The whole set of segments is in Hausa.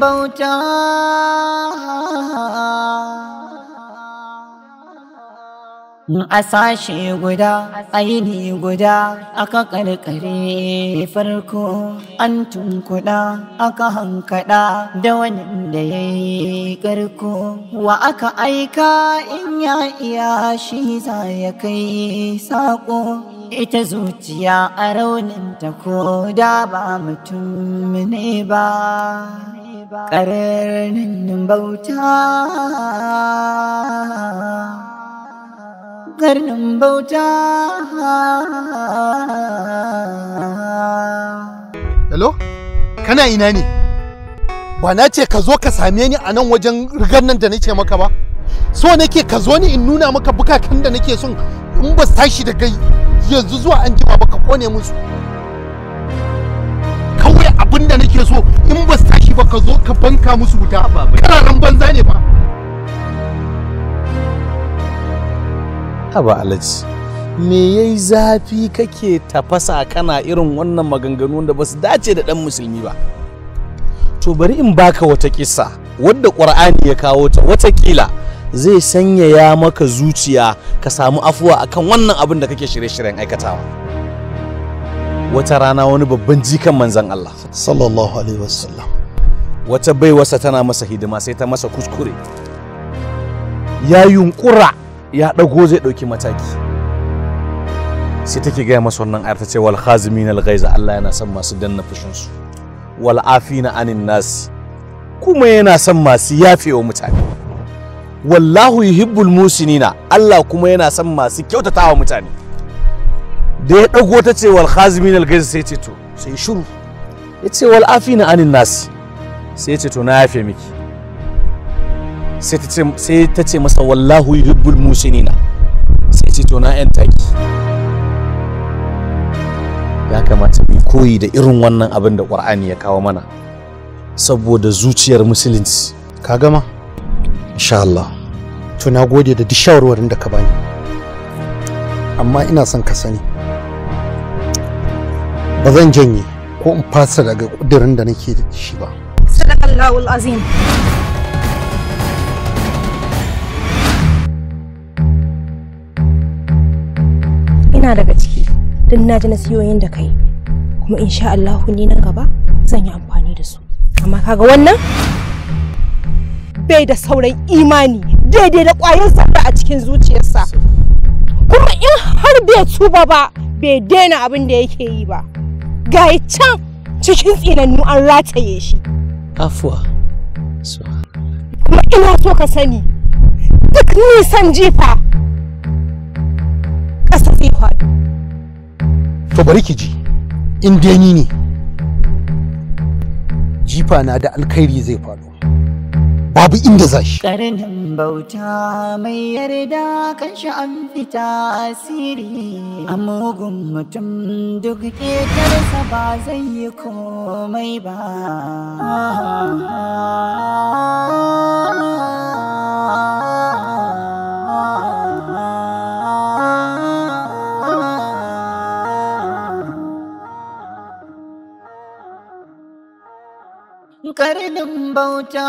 bauta a sashe guda aini guda aka karkare farko an tunkuɗa aka hankaɗa da wani da ya yi karko wa aka aika in ya iya shi za ya kai saƙo ita zuciya a raunin ta ko da ba mutum ne ba ƙararrenin bauta ƙarnin bauta hello kana ina ne ba na ce ka zo ka same ni a nan wajen rigar nan da nake maka ba so nake ka zo ni in nuna maka bukakan da nake son in ba tashi daga yanzu zuwa an jima ba ka kone musu kawai abinda da nake so in ba ba ka zo ka banka musu wuta ba kararan banza ne ba haba alaji me yayi zafi kake tafasa kana irin wannan maganganu da basu dace da dan musulmi ba to bari in baka wata kissa wadda qur'ani ya kawo ta wata watakila zai sanyaya maka zuciya ka samu afuwa akan wannan abin da kake shirye-shiryen aikatawa wata rana wani babban jikan manzan Allah sallallahu alaihi wasallam wata baiwarsa tana masa hidima sai ta masa kuskure ya yunkura ya ɗago zai ɗauki mataki sai take gaya masa wannan ayar ta ce wal khazimin al ghaiza Allah yana son masu danna fushin su wal afina anin nas kuma yana son masu yafewa mutane wallahu yuhibbul musinina Allah kuma yana son masu kyautatawa mutane da ya ɗago ta ce wal khazimin al ghaiza sai ce to sai shuru. ya ce wal afina anin nas sai ce to na yafe miki sai ta ce masa wallahu yuhibbul musinina sai ce to na yan taki ya kamata mu koyi da irin wannan abin da qur'ani ya kawo mana saboda zuciyar musulunci ka gama insha Allah to na gode da duk shawarwarin da ka bani amma ina son ka sani ba zan janye ko in fasa daga kudirin da nake da shi ba صدق الله العظيم ina daga ciki don na ji nasiyoyin da kai kuma insha Allah ni nan gaba zan yi amfani da su amma kaga wannan bai da sauran imani daidai da ƙwayar zarra a cikin zuciyarsa kuma in har bai tuba ba bai daina abin da yake yi ba ga can cikin tsinannu an rataye shi afuwa kuma ina so ka sani duk nisan jifa ƙasa zai faɗi to bari ki ji in dai ni ne jifa na da alkhairi zai faɗo babu inda za shi karanin bauta mai yarda kan shi an fita asiri a mugun mutum duk ƙetarsa ba zai yi komai ba कर दुम्बौ चा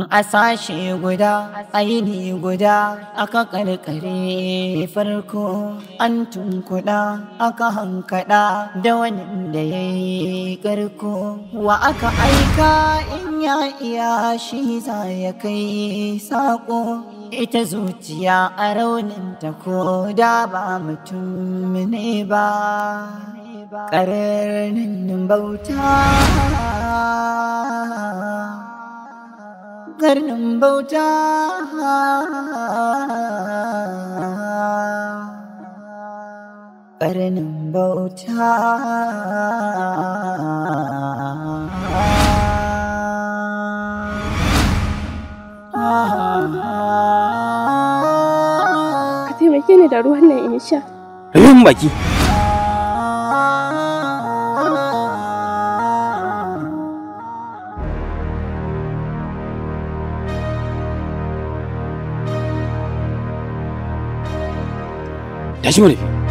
a sashe guda aini guda aka karkare farko an tunkuda aka hankada da wani da ya yi karko wa aka aika in ya iya shi za ya kai saƙo ita zuciya a raunin ta ko da ba mutum ne ba ƙararren bauta karnin bauta karnin bauta ka taimake ni da ruwan nan in sha baki 다시 말해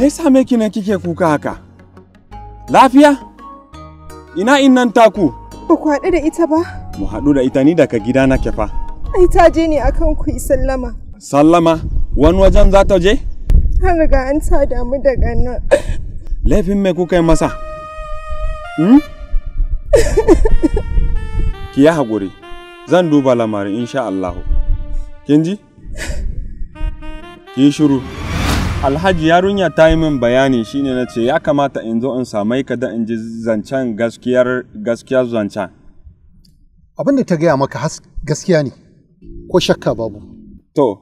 Me yasa me kina kike kuka haka? Lafiya? Ina innan taku? Ba ku haɗu da ita ba? Mu haɗu da ita ni daga gida na kefa. Ai ta je ne akan ku sallama. Sallama? Wani wajen za ta je? An riga an ta damu daga nan. Laifin mai kuka yi masa? Hmm? Ki yi haƙuri. Zan duba lamarin insha Allah Kin ji? Ki shiru. alhaji yarunya ta yi min bayani shine na ce ya kamata in zo in samai ka da in ji zancen gaskiyar gaskiyar zancen abin da ta gaya maka gaskiya ne ko shakka babu to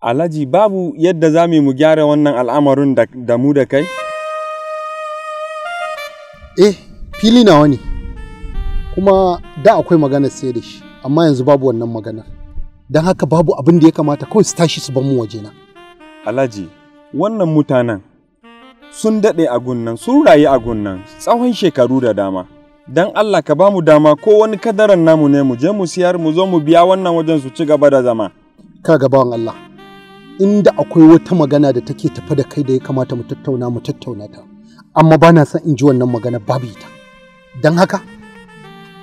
alhaji babu yadda za mu gyara wannan al'amarin da mu da kai eh fili nawa ne kuma da akwai magana sai da shi amma yanzu babu wannan maganar don haka babu abin da ya kamata kawai su tashi su ban mu wajena alhaji wannan mutanen sun daɗe a gunnan sun rayu a gunnan tsawon shekaru da dama don Allah ka ba mu dama ko wani kadaran namu ne mu je mu siyar mu zo mu biya wannan wajen su ci gaba da zama ka bawan Allah inda akwai wata magana da take tafi da kai da ya kamata mu tattauna mu tattauna ta amma ba na son in ji wannan magana babu ita don haka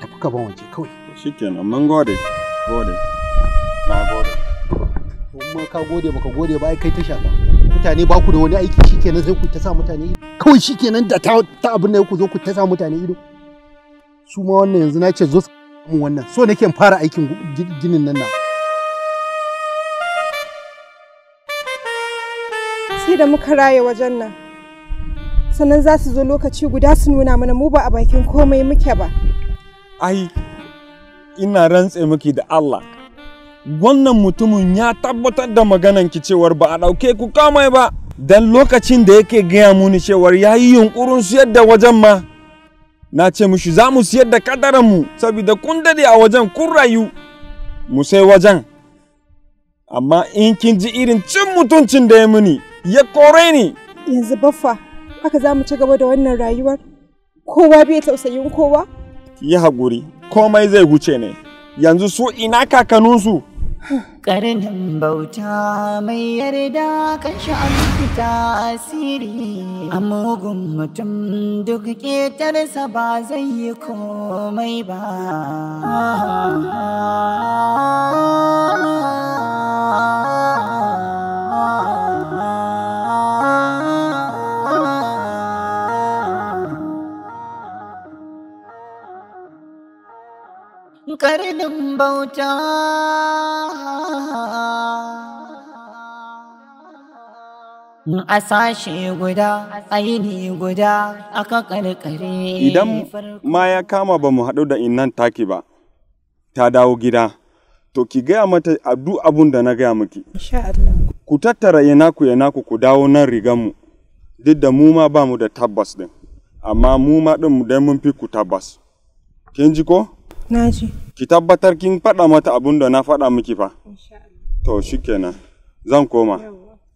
tafi ka ba waje kawai shikenan mun gode gode na gode kuma ka gode gode ba ai kai ta shafa mutane ba ku da wani aiki shikenan sai ku ta sa mutane ido kawai shikenan da ta abin da ku zo ku ta sa mutane ido su ma wannan yanzu na ce zo mu wannan so nake fara aikin ginin nan na sai da muka raye wajen nan sannan za su zo lokaci guda su nuna mana mu ba a bakin komai muke ba ai ina rantse miki da Allah wannan mutumin ya tabbatar da maganan ki cewar ba a ɗauke ku kamai ba Don lokacin da yake gaya muni cewar ya yi yunkurin siyar da wajen ma na ce mushi za mu siyar da kadaranmu saboda kun dade a wajen kun rayu mu sai wajen amma in kin ji irin cin mutuncin da ya muni ya kore ni yanzu baffa haka za mu ci gaba da wannan rayuwar kowa bai tausayin kowa yi haƙuri komai zai huce ne yanzu su ina kakanninsu Ƙarnin bauta mai yarda kan an fita asiri a mugun mutum duk ƙetarsa ba zai yi komai ba. karnin bauta a sashe guda aini guda aka karkare idan ma ya kama ba mu haɗu da innan taki ba ta dawo gida to ki gaya mata duk abun da na gaya miki ku tattara yanaku yanaku ku dawo nan riganmu duk da mu ma ba mu da tabbas din amma mu ma din mu dai mun fi ku tabbas kin ji ko na ji ki tabbatar kin faɗa mata abun da na faɗa miki fa to shikenan zan koma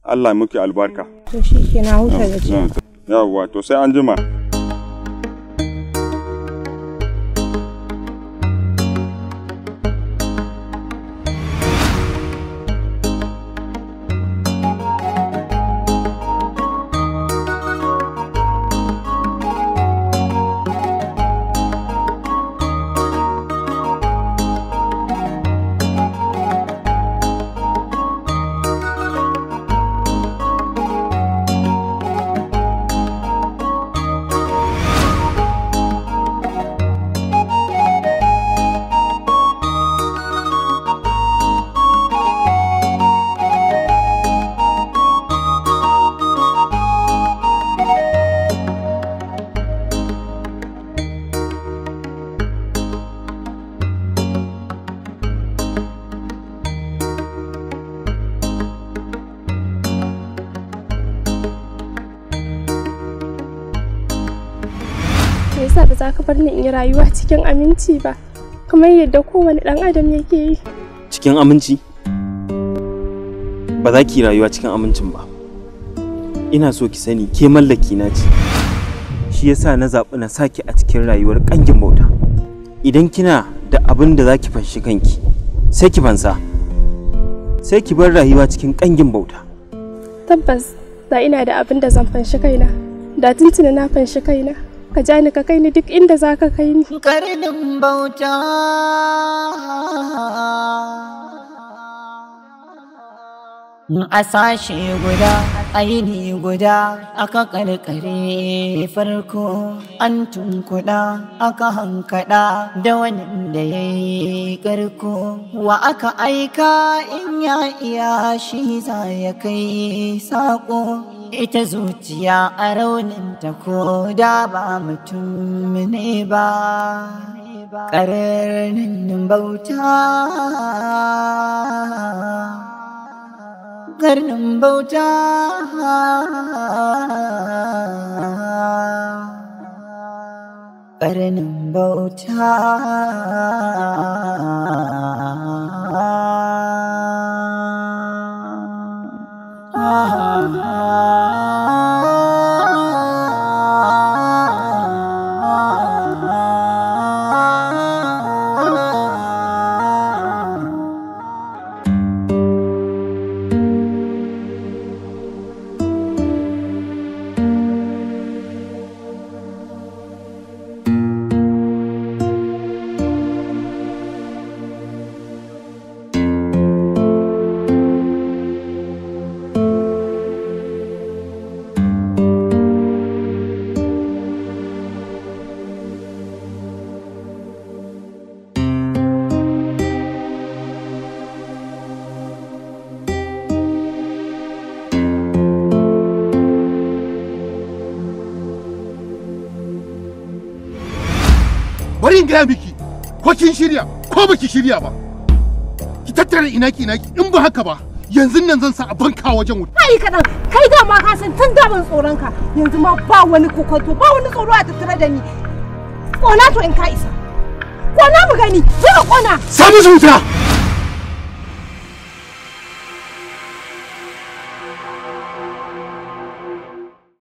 Allah muke albarka. To shi ke na huta da Yawwa to sai an jima. yasa ba za ka bar ni in yi rayuwa cikin aminci ba kamar yadda kowane ɗan adam yake yi cikin aminci ba za ki rayuwa cikin amincin ba ina so ki sani ke mallaki na ce shi yasa na zaɓi na saki a cikin rayuwar ƙangin bauta idan kina da abin da za ki fanshi kanki sai ki fansa sai ki bar rayuwa cikin ƙangin bauta tabbas da ina da abin da zan fanshi kaina da tuntuna na fanshi kaina ka ja ni ka kai ni duk inda za ka kai ni. Karnin bauta. A sashe guda, aini guda, aka karkare farko, an tunkuɗa, aka hankaɗa da wannan da ya yi karko. Wa aka aika in ya iya shi za ya kai saƙo. ita zuciya a rauninta ko da ba mutum ne ba ƙararrinin bauta karnin bauta karnin bauta bari in gaya miki ko kin shirya ko baki shirya ba ki tattara inaki inaki in ba haka ba yanzu nan zan sa a banka wajen wuta ai kadan kai da ma ka san tun da ban tsoron ka yanzu ma ba wani kokonto ba wani tsoro a tattare da ni kona to in ka isa kona mu gani zo kona samu zuta